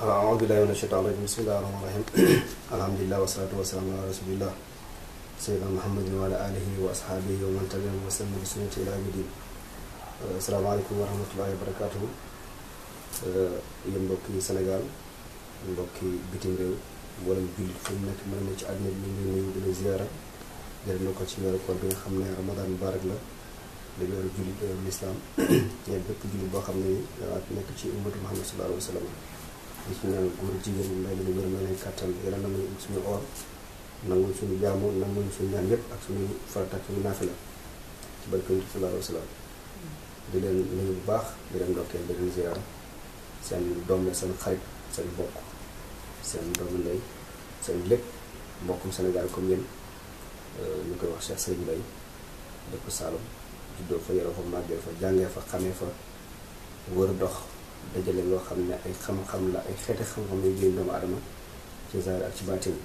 aoudubillahi mina shaytani rajim bismillahi rahmani rahim alhamdulilah wasalatu wasalaam ala rasulillah sayyidina muhammadin wa ala alihi wa ashabihi wa man tabi'ahum wa sallam bi sunnati ila yawmi din euh, asalaamaaleykum wa rahmatullahi wa barakatuhu euh, yéen mbokki Sénégal mbokki bitim réew wala jullit fu mu nekk mën na ci àddina bi ñu ngi nuyu di la ziara jël na ko ci weeru koor bi nga xam ne ramadan mubarak la di weeru jullit weeru lislaam ñeen bépp jullit boo xam ne dangaa nekk ci ummatu Muhammad sallallahu alayhi wa sallam di si ñaan góor jigéen ñi may leen wér may leen kàttan yàlla nangul suñu or nangul suñu jaamu nangul suñu ñaan yépp ak suñu farata ak suñu naafila ci barke leen nuyu bu baax di leen ndokkee di leen seen doom la seen xarit seen bokk seen doomu ndey seen lépp mbokkum Sénégal comme yéen euh, ñu koy wax Cheikh Serigne Mbaye dëkk Saloum juddoo fa yaroo fa màggee fa jàngee fa xamee fa wër dox dajale lo xamne ay xam-xam la ay xéte xam-xam yu gën doomu adama ci zaar ak ci baatin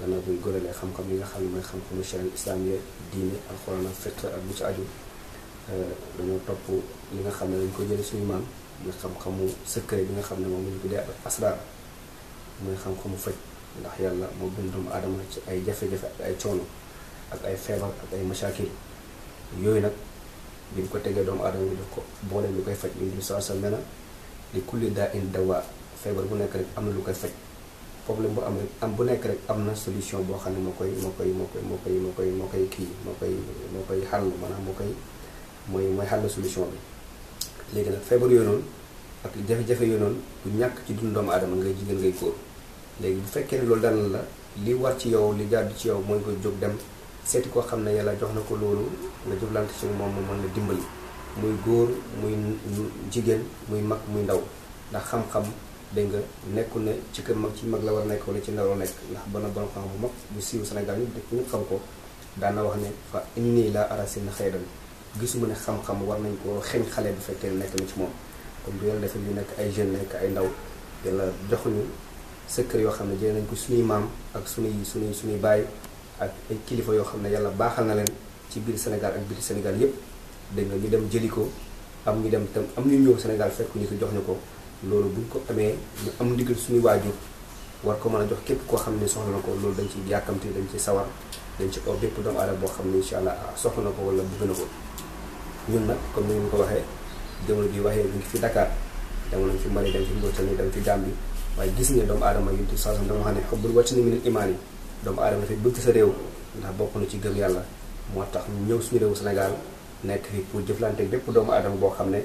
gannaaw bi gorale góoralee xam-xam yi nga xam moy xam xam-xamu charia islamiya diine qur'an ak fiqh ak bu ci aju euh dañu topp li nga xam dañ ko jël suñu maam muy xam-xamu secret bi nga xam ne moom lañ ko dee asraar mooy xam-xamu faj ndax yàlla moo gën doomu aadama ci ay jafe-jafe ak ay coono ak ay feebar ak ay masaakil yooyu nag bi ko tegee doomu aadama bi def ko boole ñu koy faj ñu ngi saa sa mena li kulli daa in dawa feebar bu nekk rek am na lu koy faj problème bu am rek am bu nekk rek am na solution boo xam ne moo koy moo koy moo koy moo koy moo koy moo koy kii moo koy moo koy xàll maanaam moo koy mooy mooy xàll solution bi léegi nag feebar yooyu noonu ak jafe-jafe yooyu noonu bu ñàkk ci dund doomu aadama ngay jigéen ngay góor léegi bu fekkee ne loolu daan la li war ci yow li jaadu ci yow mooy koy jóg dem seeti koo xam ne yàlla jox na ko loolu nga jëflante si moom mu mën na dimbali muy góor muy jigéen muy mag muy ndaw ndax xam-xam dégg nga nekku ne ci kër mag ci mag la war nekk wala ci ndaw la nekk ndax bana borom xam bu mag bu siiw Sénégal ñu def ñu xam ko wax ne fa inni laa ara seen xeyran gisuma ne xam war nañ ko xeeñ xale bu fekkee nekk na ci moom kon bu yàlla defee ñu nekk ay jeunes nekk ay ndaw yàlla joxuñu secret yoo xam ne jëlee nañ ko suñuy maam ak suñuy suñuy suñuy baay ak kilifa yoo xam ne yàlla baaxal na leen ci biir Sénégal ak biir Sénégal yépp dégg nga ñu dem jëli ko am ñu dem tam am ñu ñëw Sénégal fekk ñu ko jox ñu ko loolu buñ ko amee ñu am ndigal suñu waajur war ko mën a jox képp koo xam ne soxla na ko loolu dañ ci yàkkamti dañ ci sawar dañ ci oo bépp doomu aadama boo xam ne incha allah ah, soxla na ko wala bëgg na ko ñun nag comme ni ñu ko waxee jamono bi waxee ñu ngi fi Dakar dem nañ fi Mali dem fi Mauritanie dem fi Gambie waaye gis nga doomu aadama yi tout ça dama xam ne xubbul wàcc na minal imaan yi doomu aadama dafay bëgg sa réew ndax bokk na ci gëm yàlla moo tax ñëw suñu réew Sénégal nekk bi pour jëflante bépp doomu aadama boo xam ne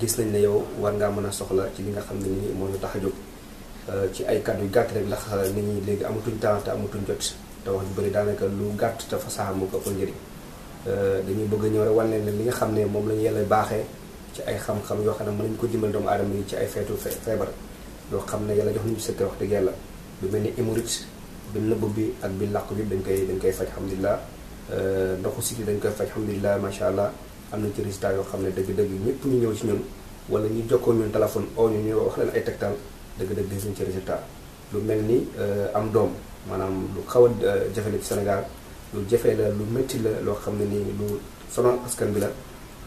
gis nañ ne yow war ngaa mën a soxla ci li nga xam ne nii moo ñu tax a jóg euh, ci ay kàddu yu gàtt rek ndax nit ñi léegi amatuñ temps te amatuñ jot te wax ju bëri daanaka lu gàtt te fasaha mu ko njëriñ euh, dañuy bëgg a ñëw rek wan leen ne li nga xam ne moom la ñu yàlla ci ay xam-xam yoo xam ne mën nañu ko jëmal doomu aadama yi ci ay feetu feebar yoo xam ne yàlla jox nañu secret wax dëgg yàlla lu mel ni hémorroïde bi nëbb bi ak bi làq bi dañ koy dañ koy faj alhamdulilah ndoxu siti dañ koy faj alhamdulilah macha allah am na ci résultat yoo xam ne dëgg-dëgg ñëpp ñu ñëw ci ñun wala ñu jokkoo ñun téléphone oo ñu ñu wax leen ay tegtal dëgg-dëgg gis nañ ci résultat lu mel ni euh, am doom maanaam lu xaw a euh, jafe la ci Sénégal lu jafe la lu metti la loo xam ne nii lu sonal askan bi la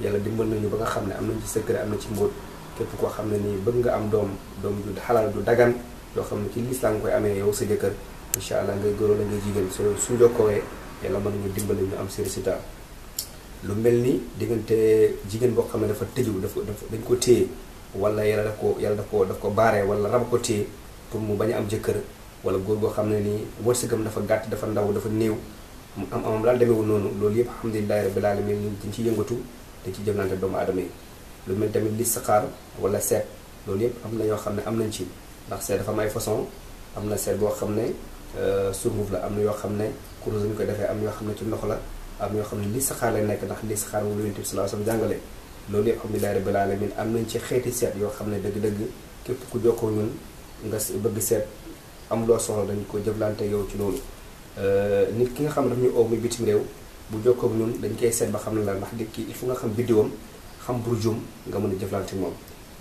yàlla dimbal nañu ba nga xam ne am nañu ci secret am na ci mbóot képp ko xam ne nii bëgg nga am doom doom ju xalaal du dagan yoo xam ne ci lislaam koy amee yow sa jëkkër incha allah ngay góor la ngay jigéen su su jokkowee yàlla mën nañu dimbali ñu am si résultat lu mel ni diggante jigéen boo xam ne dafa tëju dafa dafa dañ ko téye wala yàlla daf ko yàlla daf ko ko baaree wala rab ko téye pour mu bañ a am jëkkër wala góor goo xam ne nii wërsëgam dafa gàtt dafa ndaw dafa néew mu am amam daal demeewul noonu loolu yëpp alhamdulilahi rabbil alamin dañ ci yëngatu dañ ci jëflante doomu aadama yi lu mel tamit li saxaar wala seet loolu yëpp am na ñoo xam ne am nañ ci ndax seet dafa am façon am na seet boo xam ne Euh, sunguf la am na yoo xam ne kurus ñu ko defee am yoo xam ne ci ndox la am yoo xam ne li saxaar lay nekk ndax li saxaar moom la yonent bi sallallahu alayhi wasallam jàngale loolu yëpp am nañ ci xeeti seet yoo xam ne dëgg-dëgg képp ku jokkoo ñun nga bëgg seet am loo soxla dañ ko jëflante yow ci loolu euh, nit ki nga xam ne ñu oo muy bitim réew bu jokkoo ñun dañ koy seet ba xam ne la ndax nit ki il faut nga xam biddiwam xam burjum nga mën a jëflante moom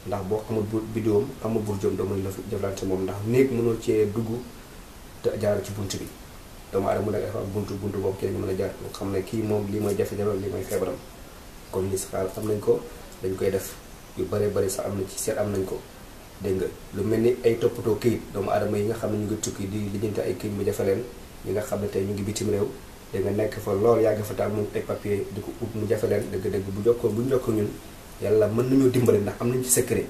ndax boo xamul biddiwam xamul burjum doo mën a jëflante moom ndax néeg mënoo cee dugg te jaar ci bunt bi doomu aadama mu nekk def am bunt bunt boobu kenn mën a jaar pour xam ne kii moom lii mooy jafe-jafe lii mooy feebaram comme xam nañ ko dañ koy def yu bare bari sax am ci seet am nañ ko dégg nga lu mel ni ay toppatoo këyit doomu aadama yi nga xam ne ñu ngi tukki di lijjanti ay këyit mu jafe leen ñi nga xam ne tey ñu ngi bitim réew da nga nekk fa lool yàgg fa taal moom ay papier di ko ut mu jafe leen dëgg-dëgg bu jokkoo bu ñu jokkoo ñun yàlla mën nañoo dimbali ndax am nañ ci secret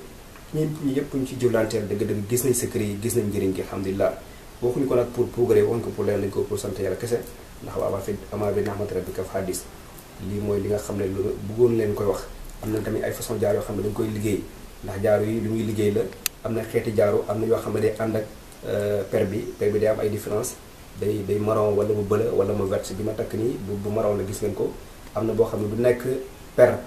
ñun ñëpp ñu ci jëflanteel dëgg-dëgg gis nañ secret yi gis nañ njëriñ gi alhamdulilah waxuñu ko nag pour progrès waxuñu ko pour leen lañu ko pour sant yàlla kese ndax wa amaa bi ni'mati rabbika fa hadis lii mooy li nga xam ne lu bëggoon leen koy wax am na tamit ay façon jaar yoo xam ne dañu koy liggéey ndax jaaru yi lu ñuy liggéey la am na xeeti jaaro am na yoo xam ne day ànd ak euh, per bi per bi day am ay différence day day marron wala mu bëla wala ma vert bi ma takk nii bu bu marron la gis ngeen ko am na boo xam ne du nekk per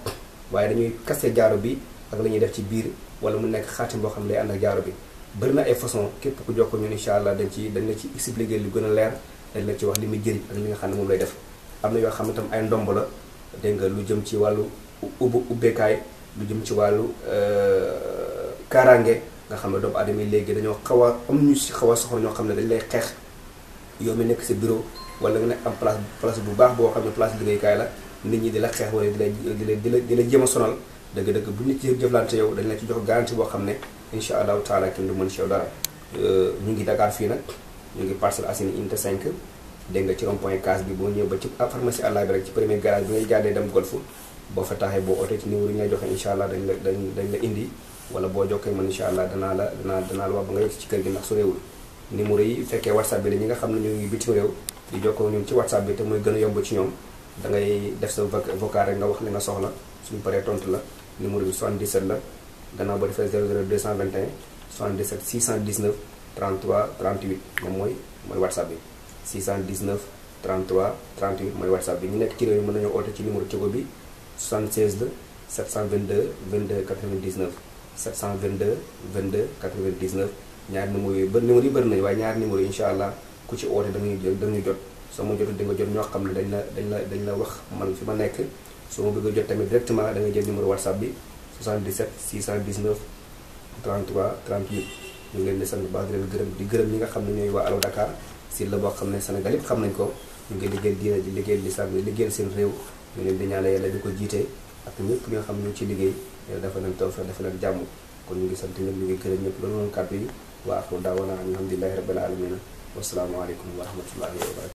waaye dañuy kase jaaru bi ak la ñuy def ci biir wala mu nekk xaatim boo xam ne day ànd ak jaaru bi bëri na ay façon képp ku jox ko ñun incha allah dañ ci dañ la ci expliquer lu gën a leer dañ la ci wax li muy jëriñ ak li nga xam ne moom lay def am na yoo xam ne tam ay ndomb la dégg nga lu jëm ci wàllu ubbu ubbeekaay lu jëm ci wàllu euh, kaaraange nga xam ne doomu aadama yi léegi dañoo xaw a am ñu si xaw a ñoo xam ne dañ lay xeex yow mi nekk sa bureau wala nga nekk am place place bu baax boo xam ne place liggéeykaay la nit ñi di la xeex wala di la di la di la jéem a sonal dëgg-dëgg bu ñu ci jëflante yow dañ la ci jox garanti boo xam ne incha allahu taala kenn du euh, ngi Dakar fii nag ñu ngi Parcelles Assainies unité 5 dégg nga ci rond point case bi boo ñëw ba ci pharmacie àlla bi rek ci premier garage bi ngay jàddee dem golf boo fa taxee boo ootee ci numéro yi ngay joxe incha allah dañ la dañ la indi wala boo jokkee man incha allah danaa la danaa danaa la wax ba nga yegg ci kër gi ndax su réewul numéro yi fekkee whatsapp bi la nga xam ne ñu ngi bitim réew di jokkoo ñun ci whatsapp bi te muy gën a yomb ci ñoom da ngay def sa vocal rek nga wax li nga soxla suñu paree tontu la numéro bi 77 la gannaaw ba defee 00 221 77 619 33 38 moom mooy mooy whatsapp bi 619 33 38 mooy whatsapp bi ñu nekk ci réew mi mën nañoo oote ci numéro Tigo bi 76 la 722 22 99 722 22 99 ñaari numéro yi bër numéro yi bëri nañu waaye ñaari numéro yi allah ku ci oote da ngay da ngay jot soo ma jotul da jot ñoo xam ne dañ la dañ la dañ la wax man fi ma nekk soo ma bëgg a tamit directement da nga jël numéro whatsapp bi 77 619 33 38 ñu ngi leen di sant baax di leen gërëm di gërëm ñi nga xam ne ñooy waa Allo Dakar si la boo xam ne Sénégal yëpp xam nañ ko ñu ngi liggéeyal diina di liggéeyal lislaam di liggéeyal seen réew ñu leen di ñaanal yàlla di ko jiite ak ñëpp ñi nga xam ne ñu ci liggéey yàlla dafa leen tawfeex dafa leen jàmm kon ñu ngi sant ñëpp ñu ngi gërëm ñëpp loolu moom kàddu yi waa axru daawana alhamdulilahi rabbil alamina wasalaamaaleykum wa rahmatullahi wa